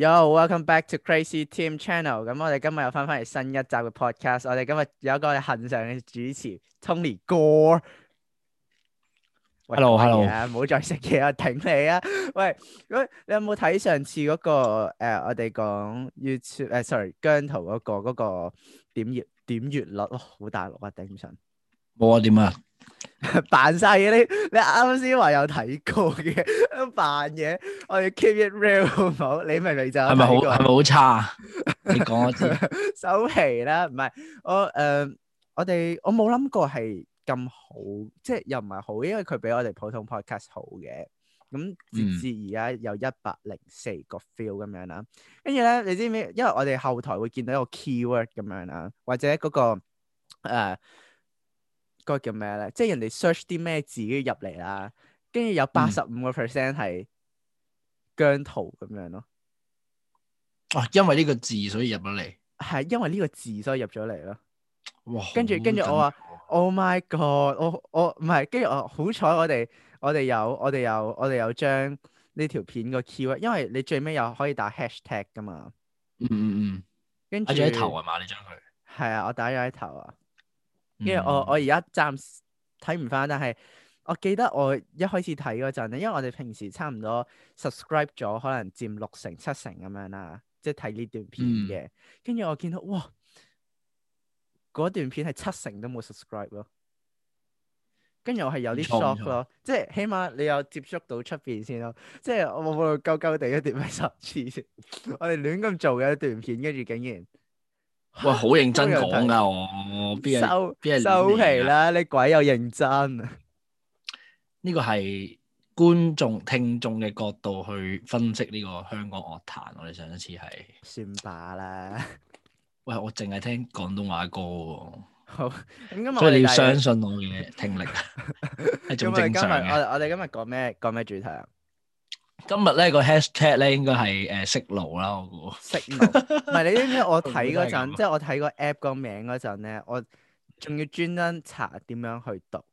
Yo! Welcome back to Crazy Team Channel。咁我哋今日又返返嚟新一集嘅 podcast。我哋今日有一個恒常嘅主持 Tony 哥。Hello，Hello。啊，唔好再食嘢啊，頂你啊！喂，喂，你有冇睇上次嗰個誒，我哋講 YouTube 誒，sorry，姜濤嗰個嗰個點閱點閱率咯，好大陸啊，頂唔順。我點啊？扮晒嘢！你，你啱先話有睇過嘅，扮嘢，我哋 keep it real 好唔好？你明明就係咪好係咪好差 你講我知。首期啦，唔係我誒，我哋、呃、我冇諗過係咁好，即、就、係、是、又唔係好，因為佢比我哋普通 podcast 好嘅。咁直至而家有一百零四個 feel 咁樣啦。跟住咧，你知唔知？因為我哋後台會見到一個 keyword 咁樣啦，或者嗰、那個誒。呃嗰個叫咩咧？即係人哋 search 啲咩字入嚟啦，跟住有八十五個 percent 係姜濤咁樣咯。哇、啊！因為呢個字所以入咗嚟，係因為呢個字所以入咗嚟咯。哇嘩！跟住跟住我話，Oh my God！我我唔係跟住我好彩，我哋我哋有我哋有我哋有將呢條片個 Q 啊，因為你最尾又可以打 hashtag 噶嘛。嗯嗯嗯。跟住著。我頭啊嘛，你將佢。係啊的，我打咗喺頭啊。因為我我而家暫時睇唔翻，但係我記得我一開始睇嗰陣咧，因為我哋平時差唔多 subscribe 咗，可能佔六成七成咁樣啦，即係睇呢段片嘅。跟住我見到哇，嗰段片係七成都冇 subscribe 咯。跟住我係有啲 shock 咯，即係起碼你有接觸到出邊先咯。即係我我鳩鳩地一點解十次先？我哋亂咁做嘅一段片，跟住竟然～喂，好認真講㗎，我邊人邊人收皮啦！你鬼有認真啊？呢個係觀眾聽眾嘅角度去分析呢個香港樂壇。我哋上一次係算把啦。喂，我淨係聽廣東話歌喎。好，咁今日所以你要相信我嘅聽力係仲正常嘅。我我哋今日講咩？講咩主題啊？今日咧，個 hashtag 咧，應該係誒 signal 啦，我估 signal。唔係。 你知唔知我睇嗰陣，即係 我睇個 app 個名嗰陣咧，我仲要專登查點樣去讀，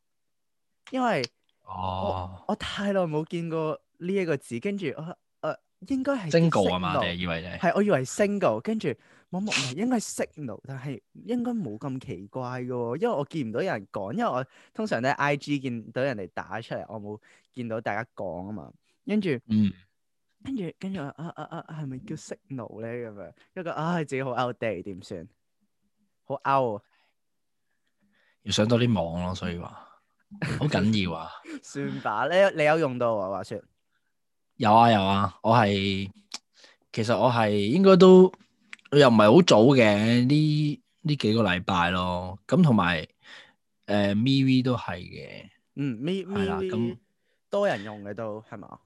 因為我哦我，我太耐冇見過呢一個字，跟住我誒應該係 single 啊嘛，我以為係係，我以為 single 跟住望冇，唔係，應該係 signal，但係應該冇咁奇怪噶，因為我見唔到有人講，因為我通常咧 IG 見到人哋打出嚟，我冇見到大家講啊嘛。跟住，跟住，跟住、嗯，啊啊啊，係、啊、咪叫 Signal 咧？咁樣一個，啊，自己好 outdate 點算？好 out，要上多啲網咯，所以話好緊要啊！ 算吧，你你有用到啊，話說？有啊有啊，我係其實我係應該都又唔係好早嘅呢呢幾個禮拜咯。咁同埋誒 MV 都係嘅，嗯 MV，MV 係啦，咁多人用嘅都係嘛？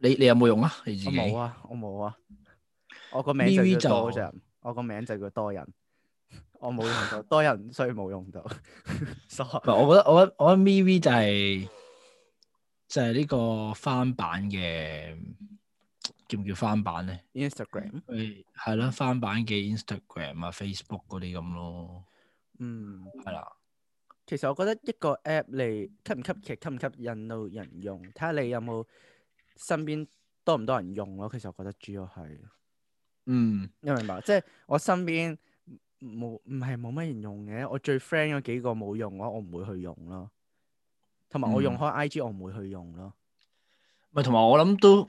你你有冇用啊？你冇啊，我冇啊，我個名就，v 就我個名就叫多人，我冇用到， 多人所以冇用到。唔係，我覺得，我覺得，我覺得、Me、V V 就係、是、就係、是、呢個翻版嘅叫唔叫翻版咧？Instagram 係係啦，翻版嘅 Instagram 啊，Facebook 嗰啲咁咯。嗯，係啦的。其實我覺得一個 app 嚟吸唔吸奇，吸唔吸引到人用，睇下你有冇。身邊多唔多人用咯，其實我覺得主要係，嗯，因為明白，即係我身邊冇唔係冇乜人用嘅。我最 friend 嗰幾個冇用嘅話，我唔會去用咯。同埋我用開 IG，我唔會去用咯。咪同埋我諗都，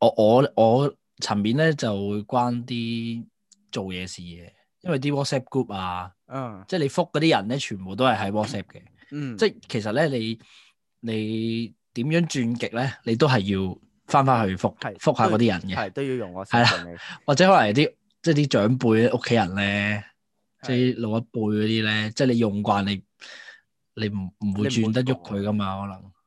我我我層面咧就會關啲做嘢事嘅，因為啲 WhatsApp group 啊，嗯，即係你覆嗰啲人咧，全部都係喺 WhatsApp 嘅，嗯，即係其實咧你你。你你點樣轉極咧？你都係要翻翻去復，是復下嗰啲人嘅，都要用我。係啦，或者可能啲即係啲長輩、屋企人咧，的即係老一輩嗰啲咧，即係你用慣，你你唔唔會轉得喐佢噶嘛？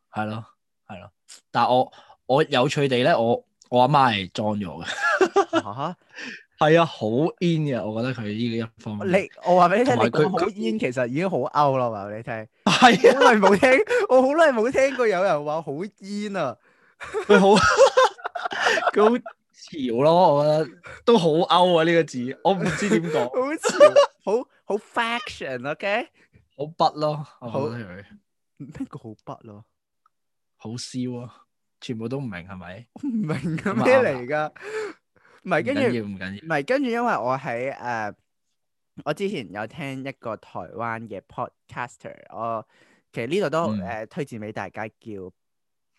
可能係咯，係咯。但係我我有趣地咧，我我阿媽係裝咗嘅、啊哈。 係啊，好 in 啊。我覺得佢呢個一方面。你我話俾你聽，佢好 in，其實已經好 out 咯。話俾你聽，係是啊，好耐冇聽，我好耐冇聽過有人話好 in 啊。佢好很，佢好 潮咯，我覺得都好 out 啊呢、這個字，我唔知點講。好 潮，好好 fashion，ok。好筆咯，好，唔聽過好筆咯，好笑啊，全部都唔明係咪？唔明啊，咩嚟噶？ 唔係，跟住唔緊要。唔係，跟住，因為我喺誒，uh, 我之前有聽一個台灣嘅 podcaster，我其實呢度都誒、嗯呃、推薦俾大家叫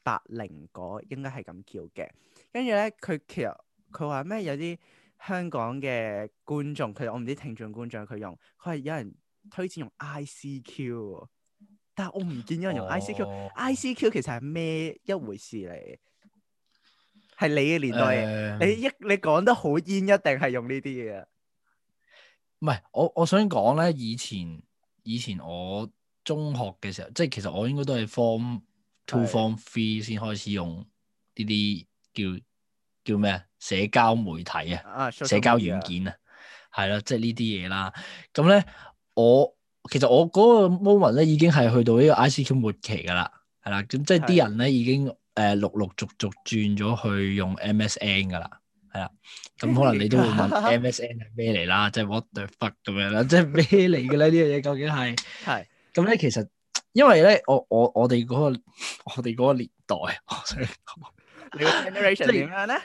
百靈果，應該係咁叫嘅。跟住咧，佢其實佢話咩？有啲香港嘅觀眾，佢我唔知聽眾觀眾，佢用佢係有人推薦用 ICQ，但係我唔見有人用 ICQ，哦。ICQ 其實係咩一回事嚟？係你嘅年代，呃、你一你講得好煙，一定係用呢啲嘢。唔係，我我想講咧，以前以前我中學嘅時候，即係其實我應該都係 form two 係、form three 先開始用呢啲叫叫咩啊？社交媒體啊，速速體社交軟件啊，係、就是、啦，即係呢啲嘢啦。咁咧，我其實我嗰個 moment 咧已經係去到呢個 ICQ 末期噶啦，係啦，咁即係啲人咧係已經。誒陸陸續續轉咗去用 MSN 噶啦，係啦、啊，咁、嗯、可能你都會問 MSN 係咩嚟啦， 即係 what the fuck 咁樣啦，即係咩嚟嘅咧？呢樣嘢究竟係係咁咧？對其實因為咧，我我我哋嗰、那個我哋嗰年代，你個的 generation 點 即樣咧？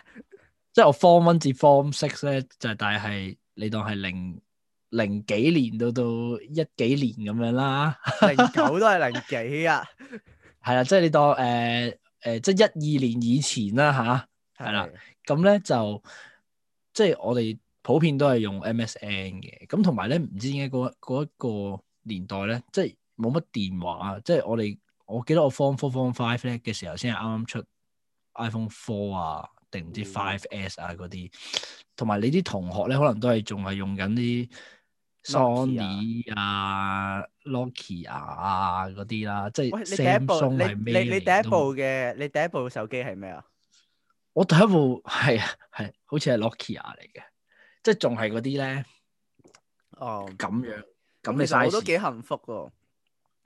即係我 form one 至 form six 咧，就係大係你當係零零幾年到到一幾年咁樣啦，零九都係零幾啊，係 啦、 啊，即、就、係、是、你當誒。呃誒、呃、即係一二年以前啦吓，係啦，咁咧就即係我哋普遍都係用 MSN 嘅，咁同埋咧唔知點解嗰一個年代咧，即係冇乜電話啊，即係我哋我記得我 Form Four Form Five 咧嘅時候先係啱啱出 iPhone Four 啊，定唔知 Five S 啊嗰啲，同埋、嗯、你啲同學咧可能都係仲係用緊啲 Sony 啊。嗯 Nokia 啊嗰啲啦，即係。喂，你第一部你你，你第一部嘅你第一部手機係咩啊？我第一部係啊係，好似係 Nokia 啊嚟嘅，即係仲係嗰啲咧。哦。咁樣，咁你。其實我都幾幸福。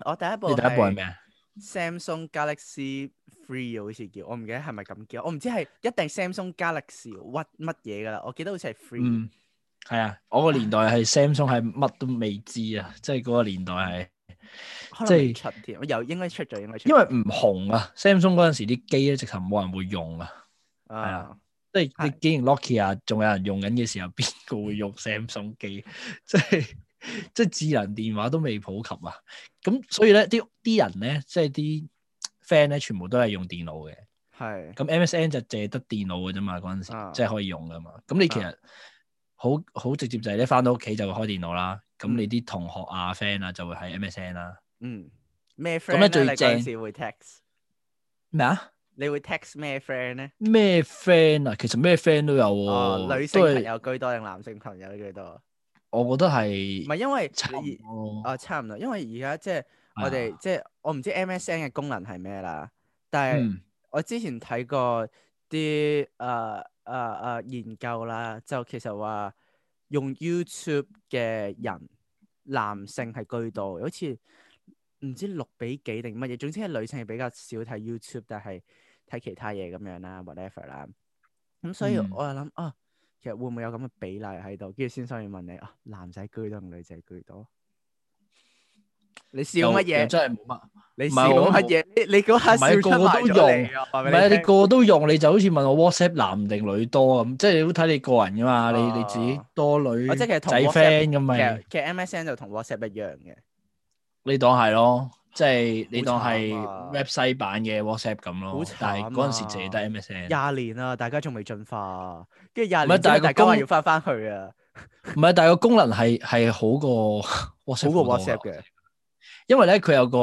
我第一部。你第一部係咩啊？Samsung Galaxy Free 好似叫，我唔記得係咪咁叫，我唔知係一定 Samsung Galaxy 屈乜嘢噶啦，我記得好似係 Free。嗯係啊，我個年代係 Samsung 係乜都未知啊，即係嗰個年代係，即係出添又應該出咗，應該出，因為唔紅啊。Samsung 嗰陣時啲機咧，直頭冇人會用啊，係啊，的即係你既然 Nokia 啊，仲有人用緊嘅時候，邊個會用 Samsung 機？的 即係即係智能電話都未普及啊，咁所以咧，啲啲人咧，即係啲 friend 咧，全部都係用電腦嘅，係的，咁 MSN 就借得電腦嘅啫嘛，嗰陣時、啊、即係可以用噶嘛，咁你其實。啊好好直接就係咧，返到屋企就會開電腦啦。咁你啲同學啊、friend 啊就會喺 MSN 啦。嗯，咩 friend？咁咧最正時會 text，咩啊？你會 text 咩 friend 咧？咩 friend 啊？其實咩 friend 都有喎。哦，女性朋友居多定男性朋友居多啊？我覺得係。唔係因為差異，哦差唔多。因為而家即係我哋即係我唔知 MSN 嘅功能係咩啦。但係我之前睇過啲誒。誒誒、uh, uh, 研究啦，就其實話用 YouTube 嘅人男性係居多，好似唔知六比幾定乜嘢，總之係女性係比較少睇 YouTube，但係睇其他嘢咁樣啦，whatever 啦。咁所以我又諗、嗯、啊，其實會唔會有咁嘅比例喺度？跟住先生要問你啊，男仔居多同女仔居多？你笑乜嘢？真係冇乜。你笑乜嘢？你你嗰刻笑出埋咗嚟。唔係，你個個都用。你就好似問我 WhatsApp 男定女多咁，即係都睇你個人噶嘛。你你自己多女仔 friend 咁咪？其實 MSN 就同 WhatsApp 一樣嘅。你當係咯，即係你當係 website 版嘅 WhatsApp 咁咯。但係嗰陣時淨係得 MSN。廿年啦，大家仲未進化，跟住廿年。唔係，但係大家要翻翻去啊。唔係，但係個功能係係好過好過 WhatsApp 嘅。因為咧佢有個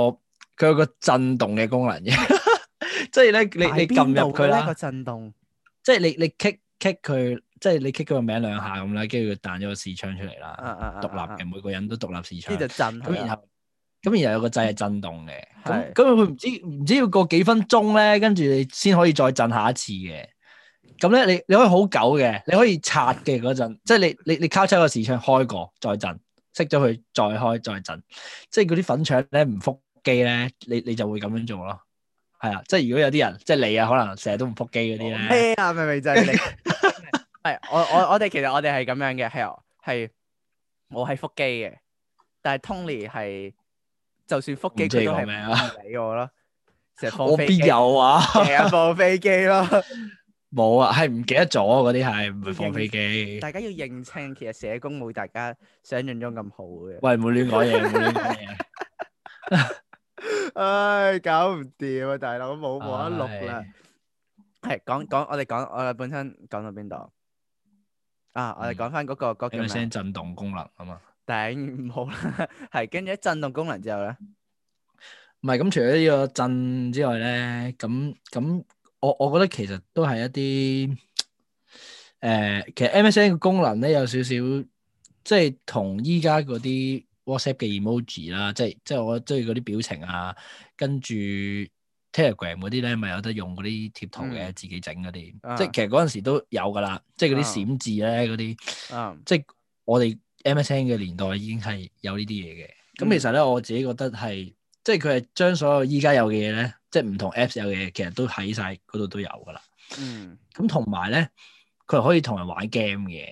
佢有個震動嘅功能嘅， 即係咧你你撳入佢啦，個震動，即係你你 kick kick 佢，即係你 kick 佢個名兩下咁啦，跟住佢彈咗個視窗出嚟啦，獨立嘅，每個人都獨立視窗，咁然後咁然後有個掣係震動嘅，咁咁佢唔知唔知要過幾分鐘咧，跟住你先可以再震下一次嘅，咁咧你你可以好久嘅，你可以刷嘅嗰陣，即係你你你敲出個視窗開過再震。熄咗佢再開再震，即係嗰啲粉腸咧唔覆機咧，你你就會咁樣做咯，係啊，即係如果有啲人，即係你啊，可能成日都唔覆機嗰啲咧，係啊，明明就係你，係 我我我哋其實我哋係咁樣嘅，係係、哦、我係覆機嘅，但係 Tony 係就算覆機佢都係唔理我咯，成日放飛機我邊有啊，成日放飛機咯。冇啊，係唔記得咗嗰啲，係唔會放飛機？大家要認清，其實社工冇大家想象中咁好嘅。喂，唔好亂講嘢，冇亂講嘢。唉，搞唔掂啊，大佬冇冇得錄啦。係講講，我哋講我哋本身講到邊度？啊，我哋講返嗰個嗰叫咩聲？震動功能啊嘛。頂唔好啦，係跟住一震動功能之後咧，唔係咁除咗呢個震之外咧，咁咁。我我覺得其實都係一啲誒、呃，其實 MSN 嘅功能咧有少少，即係同依家嗰啲 WhatsApp 嘅 emoji 啦，即係即係我中意嗰啲表情啊，跟住 Telegram 嗰啲咧，咪有得用嗰啲貼圖嘅自己整嗰啲，嗯、即係其實嗰陣時都有㗎啦，嗯、即係嗰啲閃字咧嗰啲，嗯、即係我哋 MSN 嘅年代已經係有呢啲嘢嘅。咁其實咧，我自己覺得係。即係佢係將所有依家有嘅嘢咧，即係唔同 Apps 有嘅嘢，其實都喺晒嗰度都有㗎啦。嗯。咁同埋咧，佢可以同人玩 game 嘅。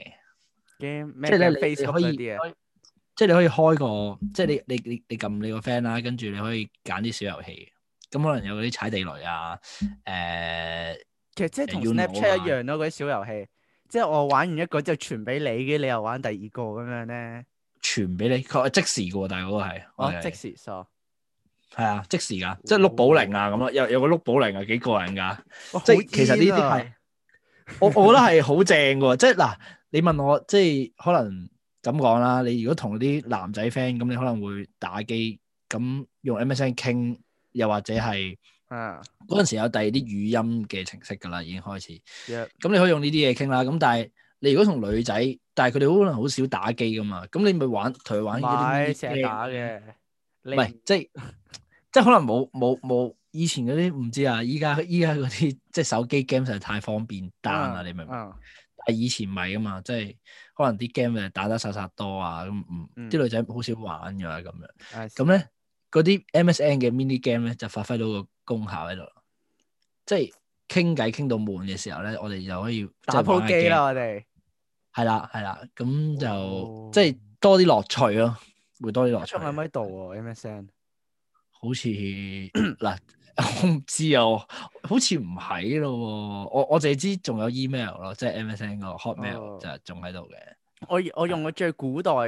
game 即係你可以，即係你可以開個，即係你你你你撳你個 friend 啦，跟住你可以揀啲小遊戲。咁可能有啲踩地雷啊，誒、呃。其實即係同 Snapchat 一樣咯，嗰啲小遊戲。即係我玩完一個之後傳俾你嘅，你又玩第二個咁樣咧。傳俾你，佢即時嘅大佬係即時係啊，即時噶，哦、即係碌保齡啊咁啊，有有個碌保齡啊，幾過癮噶，即係其實呢啲係，我我覺得係好正噶， 即係嗱，你問我即係可能咁講啦，你如果同啲男仔 friend 咁，你可能會打機，咁用 MSN 傾，又或者係，嗰陣、啊、時有第二啲語音嘅程式噶啦，已經開始，咁、啊、你可以用呢啲嘢傾啦，咁但係你如果同女仔，但係佢哋可能好少打機噶嘛，咁你咪玩，同佢玩，買射、啊、打嘅，唔係即係.。 即係可能冇冇冇以前嗰啲唔知啊，依家依家嗰啲即係手機 game 實在太方便單啦，嗯、你明唔明？嗯、但係以前唔係噶嘛，即係可能啲 game 咪打打殺殺多啊，咁唔啲女仔好少玩噶、啊、咁樣。咁咧嗰啲 MSN 嘅 mini game 咧就發揮到個功效喺度，即係傾偈傾到悶嘅時候咧，我哋就可以打鋪機啦。我哋係啦係啦，咁、嗯、就即係多啲樂趣咯，會多啲樂趣。長喺度啊？MSN？好似嗱， 我唔知啊，好似唔喺咯。我我淨係知仲有 email 咯，即係 MSN 個 hotmail 就仲喺度嘅。我 ail,、哦、我，我用嘅最古代、啊、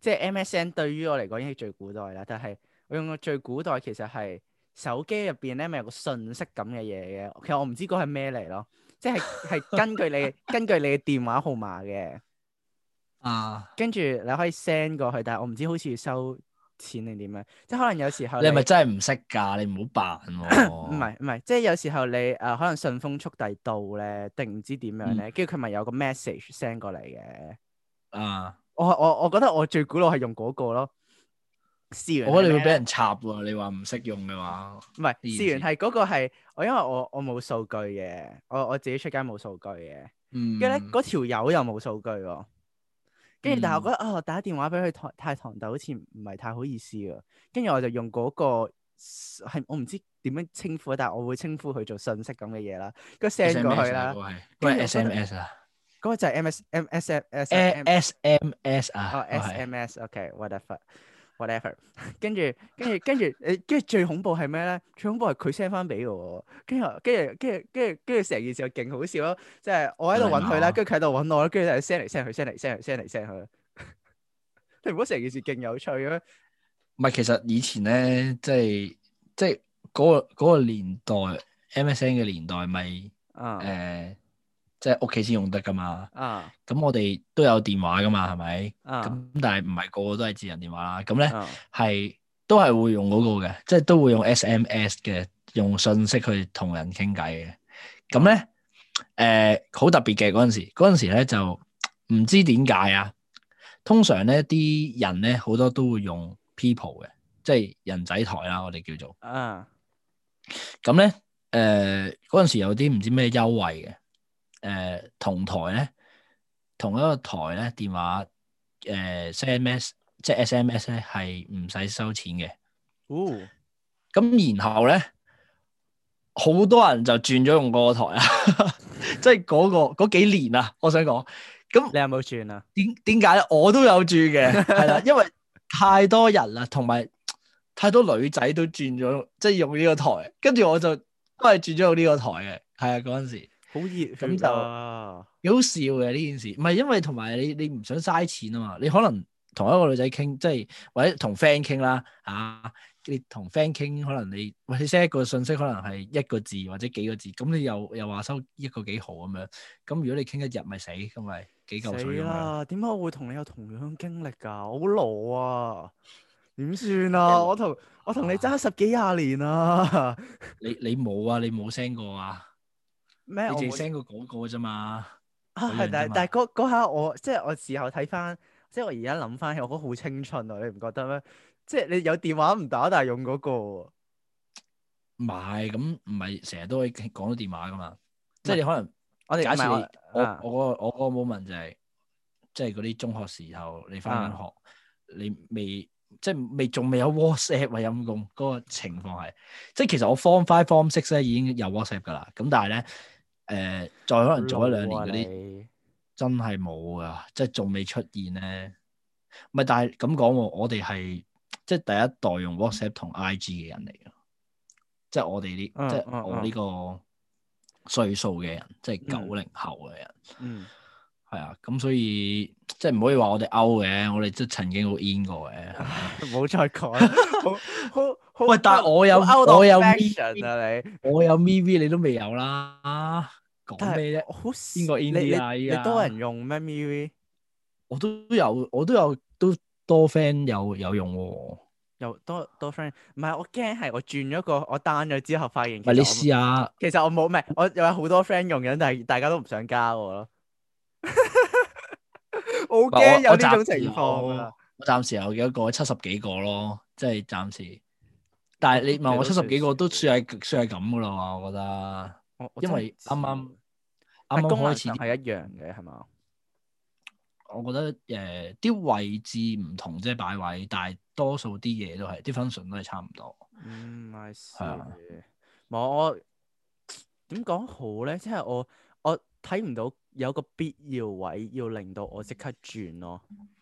即係 MSN，對於我嚟講已經係最古代啦。但係我用嘅最古代其實係手機入邊咧，咪有個信息咁嘅嘢嘅。其實我唔知嗰係咩嚟咯，即係係根據你 根據你嘅電話號碼嘅啊，跟住你可以 send 過去，但係我唔知好似收。錢定點樣？即係可能有時候你係咪真係唔識㗎？你唔好扮喎。唔係唔係，即係有時候你誒、呃，可能順豐速遞到咧，定唔知點樣咧，跟住佢咪有個 message send 過嚟嘅。啊！我我我覺得我最古老係用嗰個咯。試完，我話你會俾人插喎。你話唔識用嘅話，唔係試完係嗰個係我，因為我我冇數據嘅，我我,我自己出街冇數據嘅。跟住咧嗰條友又冇數據喎。跟住，但係我覺得哦，打電話俾佢堂太堂弟好似唔係太好意思啊。跟住我就用嗰個係我唔知點樣稱呼，但係我會稱呼佢做信息咁嘅嘢啦，跟住 send 過去啦。嗰個係 SMS 啊。嗰個就係 SMS，SMS，SMS 啊。哦，SMS，OK，whatever。whatever，跟住跟住跟住，你跟住最恐怖係咩咧？最恐怖係佢 send 翻俾我，跟住跟住跟住跟住跟住成件事又勁好笑咯！即係我喺度揾佢啦，跟住佢喺度揾我啦，跟住就 send 嚟 send 去，send 嚟 send 去，send 嚟 send 去，你唔好成件事勁有趣嘅啊！唔係，其實以前咧，即係即係嗰個嗰個年代，MSN 嘅年代咪啊誒即係屋企先用得噶嘛，咁、uh, 我哋都有電話噶嘛，係咪？咁、uh, 但係唔係個個都係智能電話啦，咁咧係都係會用嗰個嘅，即係都會用 SMS 嘅，用信息去同人傾偈嘅。咁咧誒好特別嘅嗰陣時，嗰陣時咧就唔知點解啊。通常咧啲人咧好多都會用 People 嘅，即係人仔台啦，我哋叫做。啊、uh,。咁咧誒嗰陣時有啲唔知咩優惠嘅。誒，同台咧，同一個台咧，電話誒，C M S 即係 S M S 咧，係唔使收錢嘅。哦，咁然後咧，好多人就轉咗用嗰個台啊，即係嗰個嗰幾年啊，我想講。咁你有冇轉啊？點點解咧？我都有轉嘅，係啦， 因為太多人啦，同埋太多女仔都轉咗，即係用呢個台，跟住我就都係轉咗用呢個台嘅。係啊，嗰陣時。好熱咁就幾好笑嘅，呢件事，唔係因為同埋你你唔想嘥錢啊嘛，你可能同一個女仔傾，即係或者同 friend 傾啦，吓、啊、你同 friend 傾可能你或者 send 一個信息可能係一個字或者幾個字，咁你又又話收一個幾毫咁樣，咁如果你傾一日咪死咁咪幾嚿水啦。點解、啊、我會同你有同樣經歷噶？好老啊，點、啊、算啊？我同哇我同你爭十幾廿年啊！ 你你冇啊？你冇 send 過啊？咩？我淨 send 過嗰個啫嘛。啊，係，但係但係嗰下我即係我時候睇翻，即係我而家諗翻起，我覺得好青春啊！你唔覺得咩？即係你有電話唔打，但係用嗰、那個唔係，咁唔係成日都可以講到電話噶嘛？是即係你可能我哋們假設是我我我嗰 moment 就係、是，即係嗰啲中學時候你翻學，啊、你未即係未，即未仲未有 WhatsApp 或者咁嗰、那個情況係，即係其實我 form five form six 咧已經有 WhatsApp 噶啦，咁但係咧。誒，再可能做一兩年嗰啲你真係冇噶，即係仲未出現咧。唔係，但係咁講，我哋係即係第一代用 WhatsApp 同 IG 嘅人嚟咯。即係我哋啲，嗯嗯、即係我呢個歲數嘅人，即係九零後嘅人。嗯，係啊，咁所以即係唔可以話我哋 out 嘅，我哋即係曾經好 in 過嘅。唔 好再講，好好喂，但係我有 fashion, 我有 Vision 啊，你我有 MV，MV 你都未有啦。講咩咧？邊個 India 依家？你多人用咩 MV？我都有，我都有，都多 friend 有有用喎。有多多 friend？唔係，我驚係我轉咗個，我 down 咗之後發現。你試下。其實我冇，咩。係我，我有好多 friend 用緊，但係大家都唔想加我咯。好 驚有呢種情況啊！暫時有幾多個？七十幾個咯，即係暫時。但係你問我七十幾個都算係算係咁噶啦？我覺得，因為啱啱。啱啱開始係一樣嘅，係嘛？我覺得誒啲、呃、位置唔同啫，係擺位，但係多數啲嘢都係啲 function 都係差唔多。唔係、嗯、事，嗯、我點講好咧？即係我我睇唔到有個必要位要令到我即刻轉咯、啊。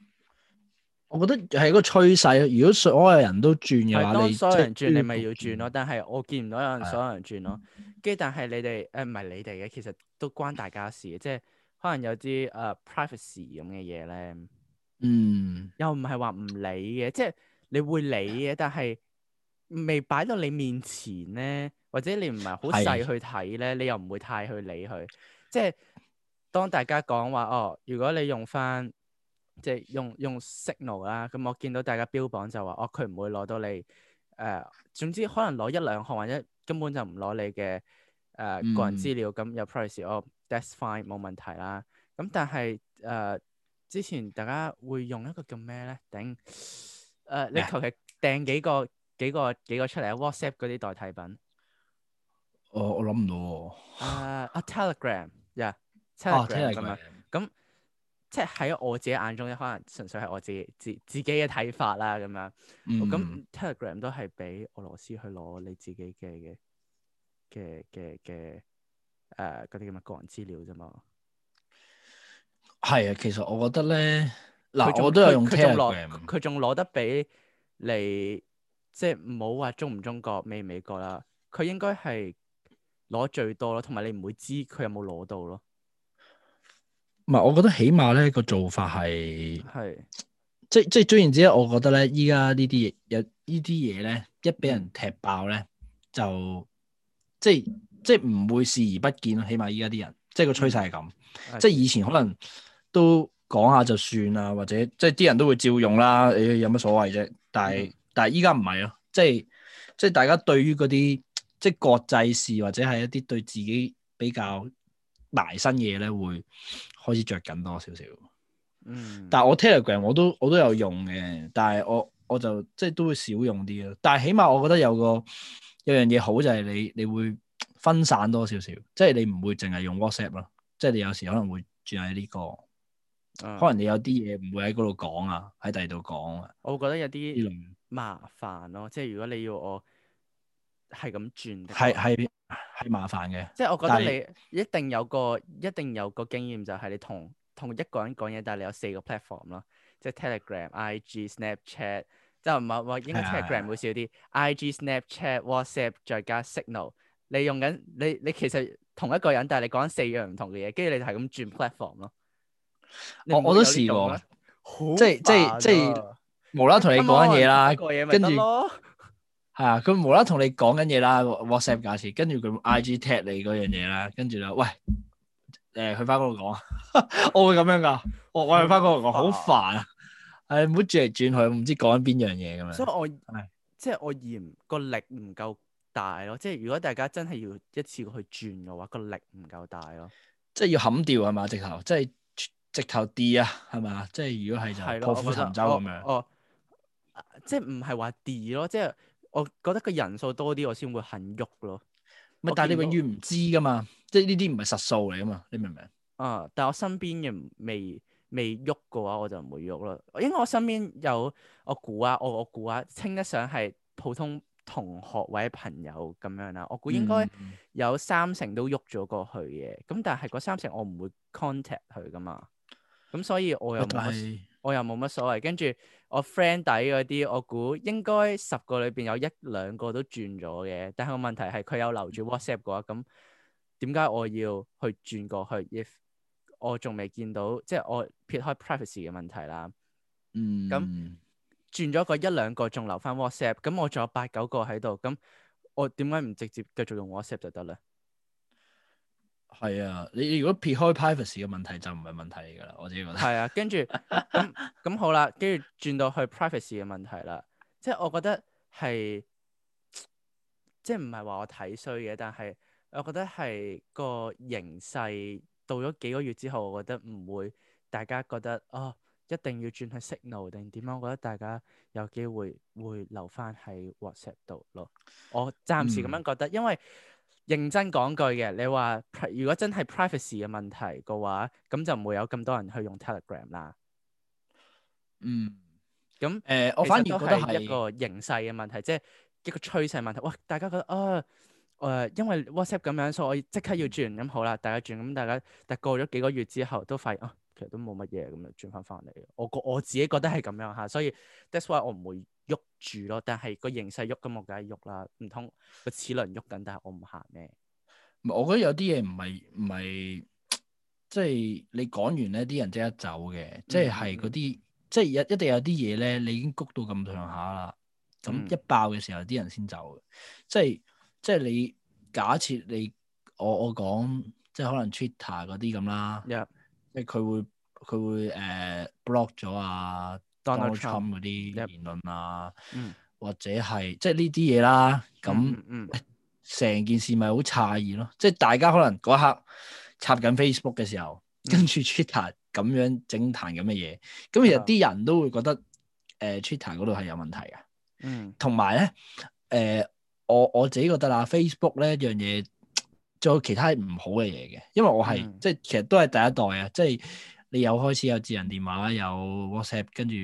我覺得係一個趨勢。如果所有人都轉嘅話，你當所有人轉，你咪要轉咯。轉轉，但係我見唔到有人所有人轉咯。跟住的，但係你哋誒，唔、呃、係你哋嘅，其實都關大家事。即係可能有啲誒、uh, privacy 咁嘅嘢咧。嗯。又唔係話唔理嘅，即係你會理嘅，但係未擺到你面前咧，或者你唔係好細去睇咧，的你又唔會太去理佢。即係當大家講話哦，如果你用翻。即係用用 Signal 啦，啊，咁我見到大家標榜就話，哦佢唔會攞到你誒、呃，總之可能攞一兩項或者根本就唔攞你嘅誒、呃、個人資料，咁有 p r i c e 我、哦、that's fine 冇問題啦。咁但係誒、呃、之前大家會用一個叫咩咧？頂誒、呃、你求其掟幾個 Yeah. 幾個幾個，幾個出嚟嘅 WhatsApp 嗰啲代替品。哦，我諗唔到喎，啊。啊 Telegram 呀、yeah，Telegram 咁、啊、樣咁。即喺我自己眼中咧，可能純粹係我自己自自己嘅睇法啦，咁樣。咁 Telegram 都係俾俄羅斯去攞你自己嘅嘅嘅嘅誒嗰啲咁嘅個人資料啫嘛。係啊，其實我覺得咧，嗱、啊，還我都有用 Telegram，佢仲攞得俾你，即係唔好話中唔中國美美國啦，佢應該係攞最多咯，同埋你唔會知佢有冇攞到咯。唔係，我覺得起碼咧，個做法係是，即係即係，雖然之，我覺得咧，依家呢啲嘢有呢啲嘢咧，一俾人踢爆咧，就即係即係唔會視而不見。起碼依家啲人，即係個趨勢係咁。是即係以前可能都講下就算啦，或者即係啲人都會照用啦。誒、哎，有乜所謂啫？但係但係依家唔係咯。即係即係大家對於嗰啲即係國際事或者係一啲對自己比較埋身嘢咧，會。開始着緊多少少，嗯，但係我 Telegram 我都我都有用嘅，但係我我就即係都會少用啲咯。但係起碼我覺得有個有樣嘢好就係你你會分散多少少，即係你唔會淨係用 WhatsApp 咯。即係你有時可能會轉喺呢個，嗯、可能你有啲嘢唔會喺嗰度講啊，喺第二度講啊。我覺得有啲麻煩咯，嗯、即係如果你要我係咁轉，係係。係麻煩嘅，即係我覺得你一定有個是一定有個經驗就係你同同一個人講嘢，但係你有四個 platform 咯，即係 Telegram 的、IG、Snapchat，就唔係話應該 Telegram 會少啲，IG、Snapchat、WhatsApp 再加 Signal，你用緊你你其實同一個人，但係你講緊四樣唔同嘅嘢，跟住你就係咁轉 platform 咯。我我都試過，有有過即係是、啊、即係即係無啦同你講緊嘢啦，Come on，跟住。係啊，佢無啦同你講緊嘢啦，WhatsApp 假設，跟住佢 IG 踢你嗰樣嘢啦，跟住咧，喂，誒、呃，去翻嗰度講，我會咁樣噶，我我係翻嗰度講，好煩啊，係唔好轉嚟轉去，唔知講緊邊樣嘢咁樣。所以我、哎、即係我嫌個力唔夠大咯，即係如果大家真係要一次過去轉嘅話，個力唔夠大咯。即係要冚掉係嘛，直頭，即係直頭 D 啊，係嘛，即係如果係就破釜沉舟咁樣。哦，即係唔係話 D 咯，即係。我覺得個人數多啲，我先會肯喐咯。唔係，但係你永遠唔知噶嘛，即係呢啲唔係實數嚟噶嘛，你明唔明？啊、嗯！但係我身邊嘅未未喐嘅話，我就唔會喐咯。因為我身邊有我估啊，我我估啊，稱得上係普通同學或者朋友咁樣啦。我估應該有三成都喐咗過去嘅，咁、嗯嗯、但係嗰三成我唔會 contact 佢噶嘛。咁、嗯、所以我又唔係，我又冇乜所謂。跟住我 friend 底嗰啲，我估應該十個裏邊有一兩個都轉咗嘅。但係個問題係佢有留住 WhatsApp 嘅話，咁點解我要去轉過去？如果我仲未見到，即係我撇開 privacy 嘅問題啦。嗯。咁轉咗個一兩個仲留翻 WhatsApp，咁我仲有八九個喺度，咁我點解唔直接繼續用 WhatsApp 就得啦？係啊，你如果撇開 privacy 嘅問題就唔係問題嚟噶啦，我自己覺得係啊，跟住咁好啦，跟住轉到去 privacy 嘅問題啦，即係我覺得係即係唔係話我睇衰嘅，但係我覺得係個形勢到咗幾個月之後，我覺得唔會大家覺得哦一定要轉去 Signal 定點樣，我覺得大家有機會會留翻喺 WhatsApp 度咯，我暫時咁樣覺得，因為。認真講句嘅，你話如果真係 privacy 嘅問題嘅話，咁就唔會有咁多人去用 Telegram 啦。嗯，咁誒，我反而覺得係一個形勢嘅問題，嗯、即係一個趨勢問題。哇，大家覺得啊誒、呃，因為 WhatsApp 咁樣，所以我即刻要轉。咁、嗯、好啦，大家轉。咁大家但係過咗幾個月之後，都發現啊，其實都冇乜嘢，咁就轉翻翻嚟。我個我自己覺得係咁樣嚇，所以，以 that's why 我唔會。喐住咯，但係個形勢喐咁，我梗係喐啦。唔通個齒輪喐緊，但係我唔行咩？唔，我覺得有啲嘢唔係唔係，即係你講完咧，啲人、嗯、即刻走嘅，嗯、即係係嗰啲，即係有一定有啲嘢咧，你已經谷到咁上下啦，咁、嗯、一爆嘅時候，啲人先走嘅。即係即係你假設你我我講，即係可能 Twitter 嗰啲咁啦，即係佢會佢會誒、uh, block 咗啊。Donald Trump 嗰啲言論啊，嗯、或者係即係呢啲嘢啦，咁成、嗯嗯、件事咪好詫異咯。即係大家可能嗰刻插緊 Facebook 嘅時候，嗯、跟住 Twitter 咁樣整壇咁嘅嘢，咁其實啲人都會覺得誒 Twitter 嗰度係有問題嘅。嗯，同埋咧誒，我我自己覺得啦，Facebook 咧樣嘢做有其他唔好嘅嘢嘅，因為我係、嗯、即係其實都係第一代啊，即、就、係、是。你有開始有智能電話，有 WhatsApp，跟住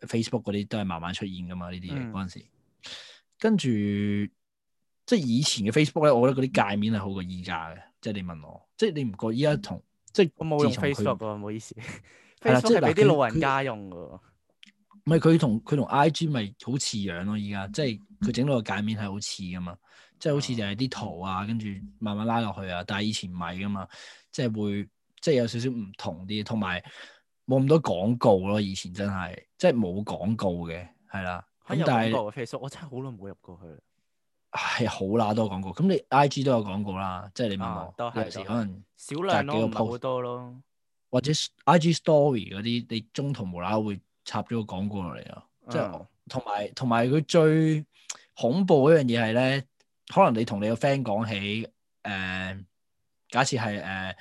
Facebook 嗰啲都係慢慢出現噶嘛？呢啲嘢嗰陣時，嗯、跟住即係以前嘅 Facebook 咧，我覺得嗰啲界面係好過依家嘅。即係你問我，即係你唔覺依家同即係我冇用 Facebook 喎、啊，唔好意思 的，Facebook 俾啲老人家用喎。唔係佢同佢同 IG 咪好似樣咯？依家即係佢整到個界面係好似噶嘛，嗯、即係好似就係啲圖啊，跟住慢慢拉落去啊。但係以前唔係噶嘛，即係會。即係有少少唔同啲，同埋冇咁多廣告咯。以前真係，即係冇廣告嘅，係啦。咁但係其 a 我真係好耐冇入過去啦。係好啦，多廣告。咁你 IG 都有廣告啦，即係你問我，有、嗯、時可能少量咯，好、哦、多咯。或者 IG Story 嗰啲，你中途無啦會插咗個廣告落嚟啊。嗯、即係同埋同埋佢最恐怖嗰樣嘢係咧，可能你同你個 friend 講起，誒、呃，假設係誒。呃呃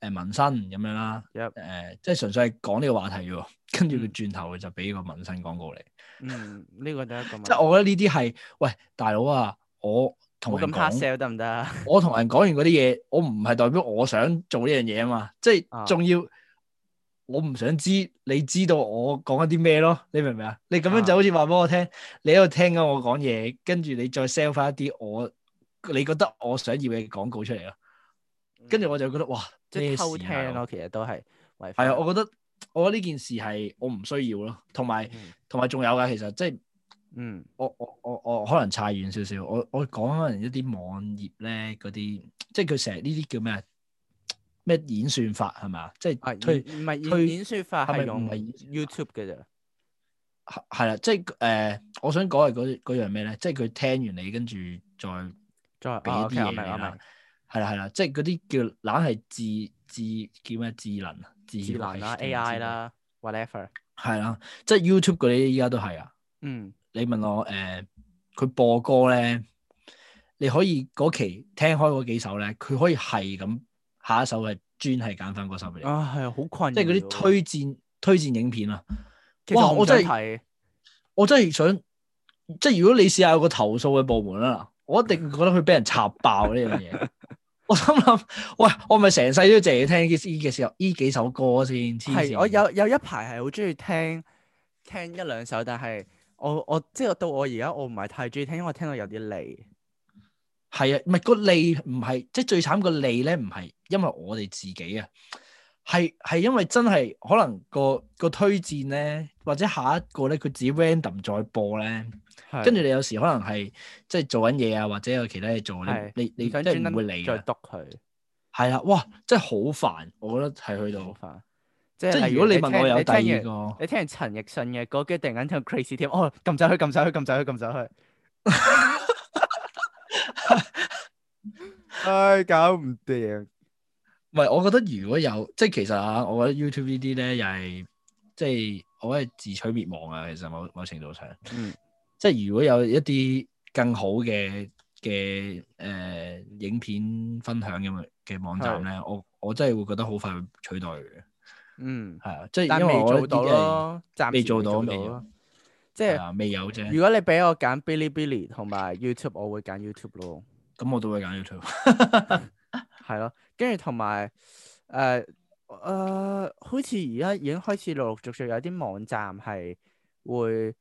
誒紋身咁樣啦，誒 Yep.、呃、即係純粹係講呢個話題喎，跟住佢轉頭就俾個紋身廣告嚟。嗯，呢個第一個問題， 即係我覺得呢啲係，喂大佬啊，我同人講，咁 hard sell 得唔得？我同人講完嗰啲嘢，我唔係代表我想做呢樣嘢啊嘛，即係仲、uh huh. 要，我唔想知你知道我講緊啲咩咯，你明唔明啊？你咁樣就好似話俾我、uh huh. 聽，你喺度聽緊我講嘢，跟住你再 sell 翻一啲我你覺得我想要嘅廣告出嚟咯。跟住我就覺得哇，即係偷聽咯，其實都係違法。係啊，我覺得我覺得呢件事係我唔需要咯。同埋同埋仲有嘅其實即係，就是、嗯，我我我我可能差遠少少。我我講可能一啲網頁咧嗰啲，即係佢成日呢啲叫咩？咩演算法係咪？即係推唔係演算法係唔係 YouTube 嘅啫？係啦，即係誒、呃，我想講係嗰樣咩咧？即係佢聽完你跟住再再俾啲嘢你啦。Okay, 係啦係，啦，即係嗰啲叫硬係智智叫咩智能啊？智能啦能，AI 啦，whatever。係啦，即係 YouTube 嗰啲依家都係啊。嗯，你問我誒，佢、呃、播歌咧，你可以嗰期聽開嗰幾首咧，佢可以係咁下一首係專係揀翻嗰首嘢。啊，係啊，好困。即係嗰啲推薦推薦影片啊，其實我真係，我真係想，想，即係如果你試下有個投訴嘅部門啦，我一定覺得佢俾人插爆呢樣嘢。我心諗，喂，我咪成世都要淨係聽依嘅時候，依幾首歌先黐線。係我有有一排係好中意聽聽一兩首，但係我我即係到我而家我唔係太中意聽，因為我聽到有啲膩。係啊，唔係、個膩唔係，即係最慘個膩咧唔係，因為我哋自己啊，係係因為真係可能、個、個推薦咧，或者下一個咧，佢自己 random 再播咧。跟住是你有時可能係即係做緊嘢啊，或者有其他嘢做，你是你你都唔會理再督佢，係啦，哇，真係好煩，我覺得係去到好煩。即係是如果你問我有第二聽個你，你聽陳奕迅嘅歌，跟住突然間聽 Crazy，添哦，撳晒佢，撳晒佢，撳晒佢，撳晒佢，唉、 哎，搞唔掂。唔係，我覺得如果有，即係其實啊，我覺得 YouTube 呢啲咧又係即係可以自取滅亡啊。其實某某程度上，嗯。即係如果有一啲更好嘅嘅誒影片分享咁嘅嘅網站咧的，我我真係會覺得好快取代嘅。嗯，係啊，即係而家未做到咯，暫未做到咯。即係未有啫。是啊、有如果你俾我揀 Bilibili 同埋 YouTube，我會揀 YouTube 咯。咁我都會揀 YouTube。係 咯， 跟住同埋誒誒，好似而家已經開始陸陸續續有啲網站係會。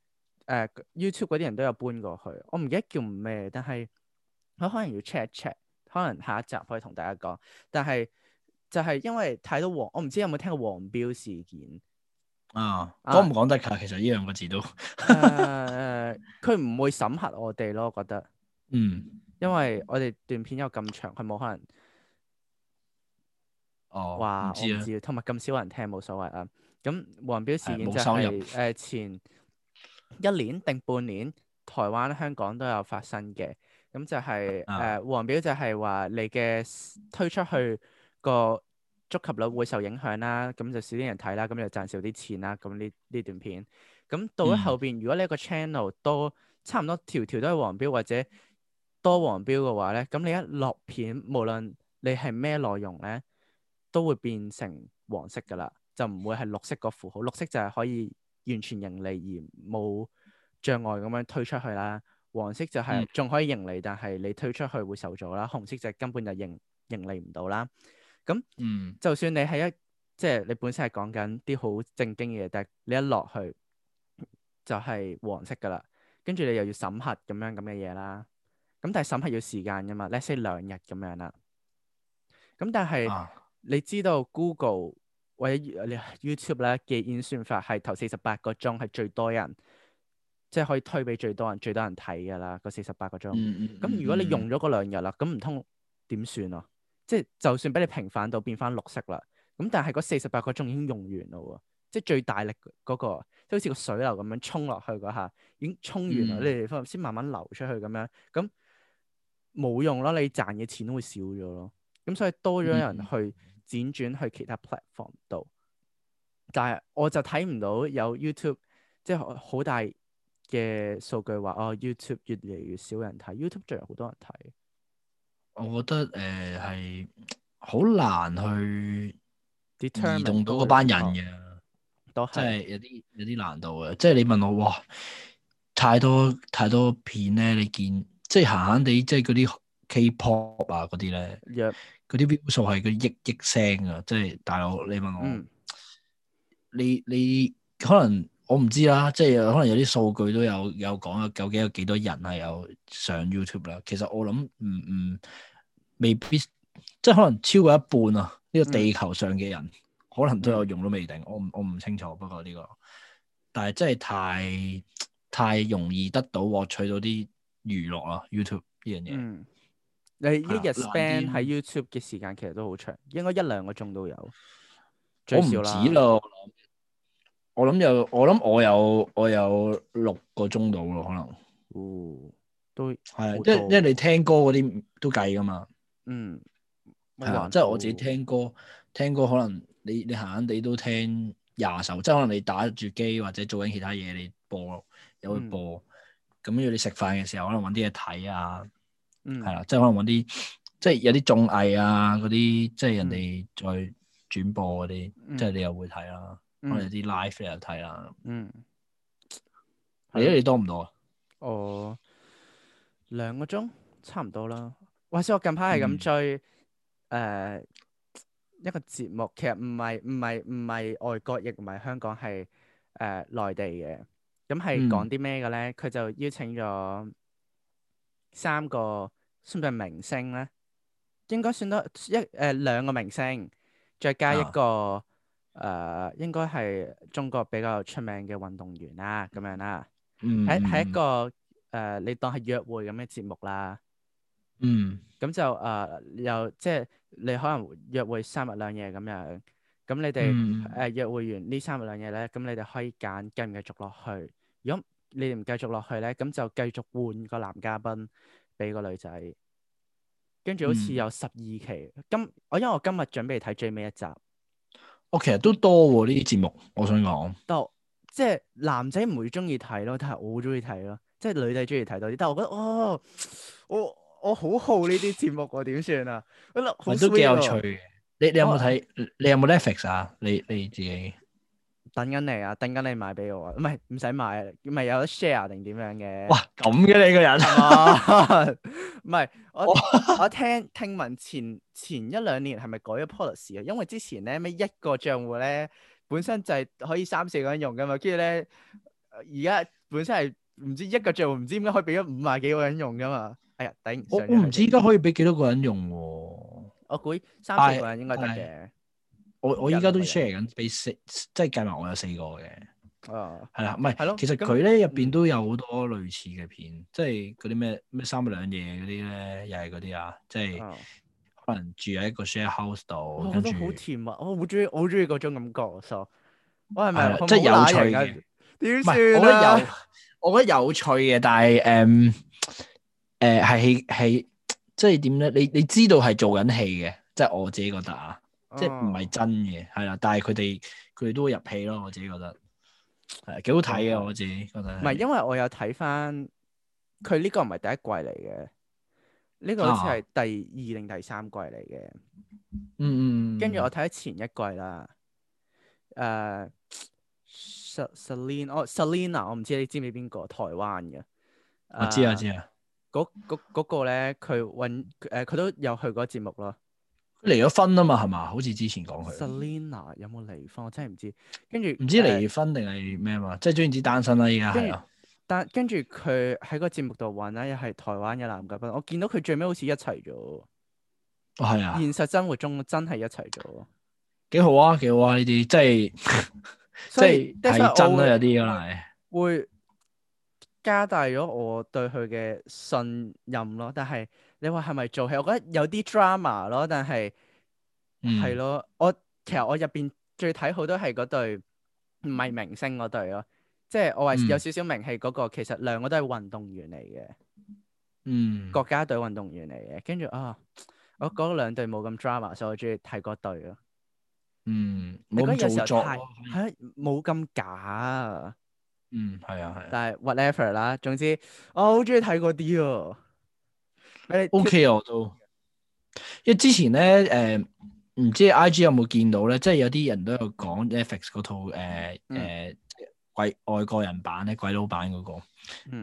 誒、uh,，YouTube 嗰啲人都有搬過去，我唔記得叫咩，但係佢可能要 check check，可能下一集可以同大家講。但係就係因為睇到黃，我唔知有冇聽過黃標事件啊，講唔講得㗎？其實呢兩個字都，佢 唔、uh, 會審核我哋咯，我覺得嗯，因為我哋段片有咁長，佢冇可能哦，話、啊、我知，同埋咁少人聽冇所謂啊。咁黃標事件就係誒前。一年定半年，台灣、香港都有發生嘅，咁就係、是、誒、啊呃、黃標，就係話你嘅推出去個觸及率會受影響啦，咁就少啲人睇啦，咁就賺少啲錢啦。咁呢呢段片，咁到咗後邊，嗯、如果你個 channel 多差唔多條條都係黃標或者多黃標嘅話咧，咁你一落片，無論你係咩內容咧，都會變成黃色㗎喇，就唔會係綠色個符號，綠色就係可以，完全盈利而冇障礙咁樣推出去啦，黃色就係仲可以盈利，嗯、但係你推出去會受阻啦。紅色就根本就盈盈利唔到啦。咁，嗯，就算你係一即係、就是、你本身係講緊啲好正經嘅嘢，但係你一落去就係、是、黃色噶啦，跟住你又要審核咁樣咁嘅嘢啦。咁但係審核要時間㗎嘛，let's say 兩日咁樣啦。咁但係你知道 Google？或者你 YouTube 咧嘅演算法係頭四十八個鐘係最多人，即、就、係、是、可以推俾最多人、最多人睇噶啦，個四十八個鐘。咁、嗯嗯、如果你用咗嗰兩日啦，咁唔通點算啊？即係、嗯、就，就算俾你平反到變翻綠色啦，咁但係嗰四十八個鐘已經用完咯，即係最大力嗰、那個，即好似個水流咁樣沖落去嗰下，已經沖完啦，嗯、你哋地先慢慢流出去咁樣，咁冇用咯，你賺嘅錢都會少咗咯。咁所以多咗人去。嗯嗯輾轉去其他 platform 度，但係我就睇唔到有 YouTube 即係好大嘅數據話哦。YouTube 越嚟越少人睇，YouTube 仲有好多人睇。Oh. 我覺得誒係好難去移動到嗰班人嘅、哦就係，即係有啲有啲難度嘅。即係你問我哇，太多太多片咧，你見即係閒閒地即係嗰啲。K-pop 啊呢，嗰啲咧，嗰啲 view 數係個億億,億聲啊！即係大佬，你問我，嗯、你你可能我唔知啦，即係可能有啲數據都有有講啊，究竟有幾多人係有上 YouTube 啦？其實我諗唔唔未必，即係可能超過一半啊！呢、呢個地球上嘅人、嗯、可能都有用都未定，我唔我唔清楚。不過呢、呢個，但係真係太太容易得到獲取到啲娛樂啊，YouTube 呢樣嘢。你一日 spend 對喺點 YouTube 嘅時間其實都好長，應該一兩個鐘都有。最少我唔止我諗，有，我諗我有我有六個鐘到咯，可能。哦，都係是多，即係即係你聽歌嗰啲都計噶嘛。嗯，係啊是，嗯、即係我自己聽歌，哦、聽歌可能你你閒閒地都聽廿首，即係可能你打住機或者做緊其他嘢，你播又會播。咁要、嗯、你食飯嘅時候，可能揾啲嘢睇啊。係啦、嗯，即係可能搵啲，即係有啲綜藝啊，嗰啲即係人哋再轉播嗰啲，即係、嗯、你又會睇啦，嗯、可能有啲 live 你又睇啦。嗯你，你多唔多啊、哦？我兩個鐘差唔多啦。喂、嗯，或者我近排係咁追誒一個節目，其實唔係唔係唔係外國，亦唔係香港，係誒內地嘅。咁係講啲咩嘅咧？佢就邀請咗三個。算唔算係明星咧？應該算多一誒、呃、兩個明星，再加一個誒、oh. 呃，應該係中國比較出名嘅運動員啦、啊，咁樣啦、啊。嗯、mm.，喺喺一個誒、呃，你當係約會咁嘅節目啦。嗯、mm.，咁就誒又即係你可能約會三日兩夜咁樣，咁你哋誒、mm. 呃、約會完呢三日兩夜咧，咁你哋可以揀繼續落去。如果你哋唔繼續落去咧，咁就繼續換個男嘉賓。俾個女仔，跟住好似有十二期。今我、嗯、因為我今日準備睇最尾一集，我其實都多呢啲節目。我想講多，即係男仔唔會中意睇咯，但係我好中意睇咯。即係女仔中意睇多啲。但係我覺得，哦，我我好好呢啲節目，點算啊？我都幾有趣嘅。你你有冇睇？你有冇、哦、Netflix 啊？你你自己？等緊你啊！等緊你買俾我啊！唔係唔使買，唔係有得 share 定點樣嘅？哇！咁嘅、啊、你個人唔係 我 我，我聽聽聞前前一兩年係咪改咗 policy 啊？因為之前咧咩，一個賬戶咧本身就係可以三四個人用噶嘛，跟住咧而家本身係唔知一個賬戶唔知點解可以俾咗五萬幾個人用噶嘛？哎呀頂！我我唔知而家可以俾幾多個人用喎，啊？我估三四個人應該得嘅。我我依家都 share 緊，四即係計埋我有四個嘅，係啦、啊，唔係，的其實佢咧入邊都有好多類似嘅片，嗯、即係嗰啲咩咩三日兩夜嗰啲咧，又係嗰啲啊，即係可能住喺一個 share house 度、啊著啊，我覺得好甜蜜，我好中意，好中意嗰種感覺，我係咪即係有趣嘅？點算我覺得有， 我覺得有趣嘅，但係誒誒係係，即係點咧？你你知道係做緊戲嘅，即係我自己覺得啊。即係唔係真嘅，係啦，但係佢哋佢哋都會入戲咯。我自己覺得係幾好睇嘅，嗯、我自己覺得。唔係因為我有睇翻佢呢個唔係第一季嚟嘅，呢、呢個好似係第二定、啊、第、第三季嚟嘅。嗯嗯。跟住我睇下前一季啦。誒，Sel Selina，我唔知你知唔知邊個，台灣嘅。我知啊，知啊。嗰、嗰個咧，佢揾誒，佢都有去過節目咯。離咗婚啊嘛，係嘛？好似之前講佢。Selena 有冇離婚？我真係唔知。跟住唔知離婚定係咩嘛？即係終於知單身啦，依家係。啊，但跟住佢喺個節目度話咧，又係台灣嘅男嘉賓。我見到佢最尾好似一齊咗。哦，係啊。現實生活中真係一齊咗。幾好啊！幾好啊！呢啲即係即係係真啊，有啲可能，會加大咗我對佢嘅信任咯，但係。你話係咪做戲？我覺得有啲 drama 咯，但係係、嗯、咯，我其實我入邊最睇好多係嗰對唔係明星嗰對咯，即係我係有少少名氣嗰、那個，嗯、其實兩個都係運動員嚟嘅。嗯，國家隊運動員嚟嘅，跟住啊，我講兩對冇咁 drama，所以我中意睇嗰對咯，嗯，冇咁做作，係冇咁假，嗯、啊。嗯、啊，係啊係，但係 whatever 啦，總之我好中意睇嗰啲啊。O K，我都，okay，因為之前咧，誒、呃，唔知 I G 有冇見到咧，即係有啲人都有講 Netflix 嗰套，誒誒、呃嗯、鬼外國人版咧，鬼佬版嗰、那個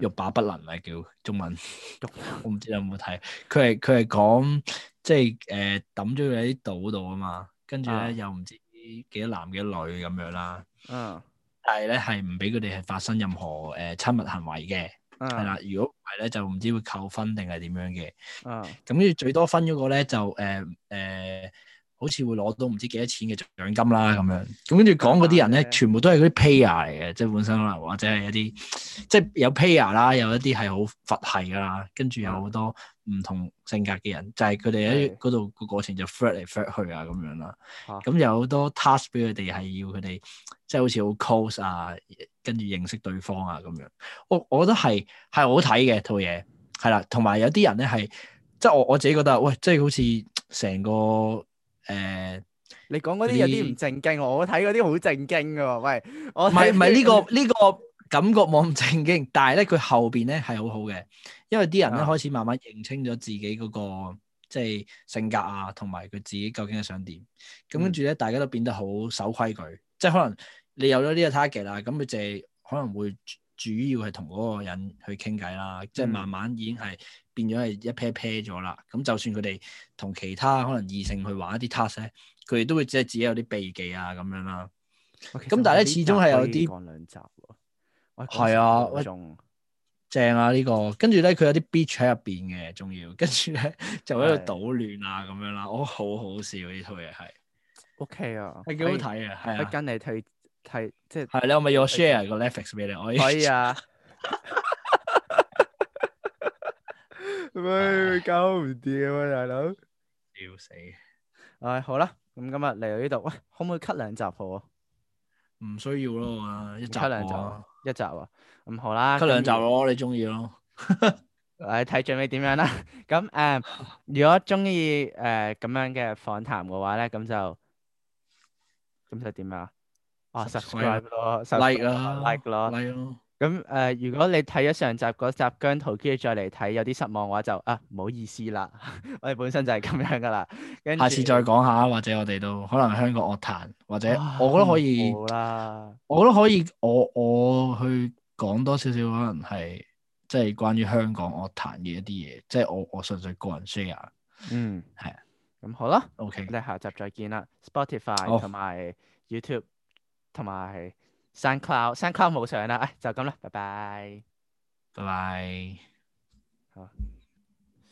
欲罷、嗯、不能係、啊、叫中文， 我唔知你有冇睇，佢係佢係講即係誒抌咗佢喺啲島度啊嘛，跟住咧又唔知幾多男幾多女咁樣啦，嗯、啊，但係咧係唔俾佢哋係發生任何誒親、呃、密行為嘅。係啦，如果唔係咧，就唔知會扣分定係點樣嘅。啊，咁跟住最多分嗰個咧，就誒誒，好似會攞到唔知幾多錢嘅獎金啦咁樣。咁跟住講嗰啲人咧，啊、全部都係嗰啲 payer 嚟嘅，即係本身可能或者係一啲即係有 payer 啦，有一啲係好佛系噶啦，跟住有好多。啊唔同性格嘅人，就係佢哋喺嗰度個過程就 fret 嚟 fret 去啊咁樣啦。咁有好多 task 俾佢哋係要佢哋，即係好似好 close 啊，跟住認識對方啊咁樣。我我覺得係係好睇嘅套嘢，係啦。同埋有啲人咧係，即係我我自己覺得，喂，即係好似成個誒，呃，你講嗰啲有啲唔正經，些我睇嗰啲好正經嘅。喂，我唔係唔係呢個呢個。呢個呢個感覺冇咁正經，但係咧佢後邊咧係好好嘅，因為啲人咧、啊、開始慢慢認清咗自己嗰、嗰個即係性格啊，同埋佢自己究竟係想點。咁跟住咧，大家都變得好守規矩，嗯、即係可能你有咗呢個 target 啦，咁佢就可能會主要係同嗰個人去傾偈啦。嗯、即係慢慢已經係變咗係一 pair pair 咗啦。咁就算佢哋同其他可能異性去玩一啲 task 咧，佢哋都會即係自己有啲避忌啊咁樣啦。咁其實 但係咧始終係有啲講兩集。係、哎、啊，仲正啊呢、呢個，跟住咧佢有啲 beach 喺入邊嘅，仲要跟住咧 就喺度搗亂啊咁樣啦，我好好笑呢套嘢係，OK 啊，係幾好睇以啊，係啊，跟你睇睇，即係係你可唔可以要我 share 個 Netflix 俾你，可以可以啊，喂、 哎，搞唔掂啊大佬，笑死，唉、哎、好啦，咁今日嚟到呢度，喂、哎、可唔可以 cut 兩集好啊？唔需要咯，我一集兩集。 一集啊，咁、嗯、好啦，出兩集咯，後你中意咯，嚟睇 最尾點樣啦。咁 誒、嗯，如果中意誒咁樣嘅訪談嘅話咧，咁就咁就點啊？哦，subscribe 咯，like 咯，like 咯。咁誒、呃，如果你睇咗上集嗰集姜濤，跟住再嚟睇有啲失望嘅話，就啊唔好意思啦， 我哋本身就係咁樣噶啦。跟住下次再講下，或者我哋都可能香港樂壇，或者、啊、我覺得可以啦。我覺得可以，我我去講多少少，可能係即係關於香港樂壇嘅一啲嘢，即係我我純粹個人 share。嗯，係啊是。咁好啦。OK，我哋下集再見啦。Spotify 同埋、oh. YouTube 同埋。SoundCloud，SoundCloud 冇上啦，唉、哎，就咁啦，拜拜，拜拜，好。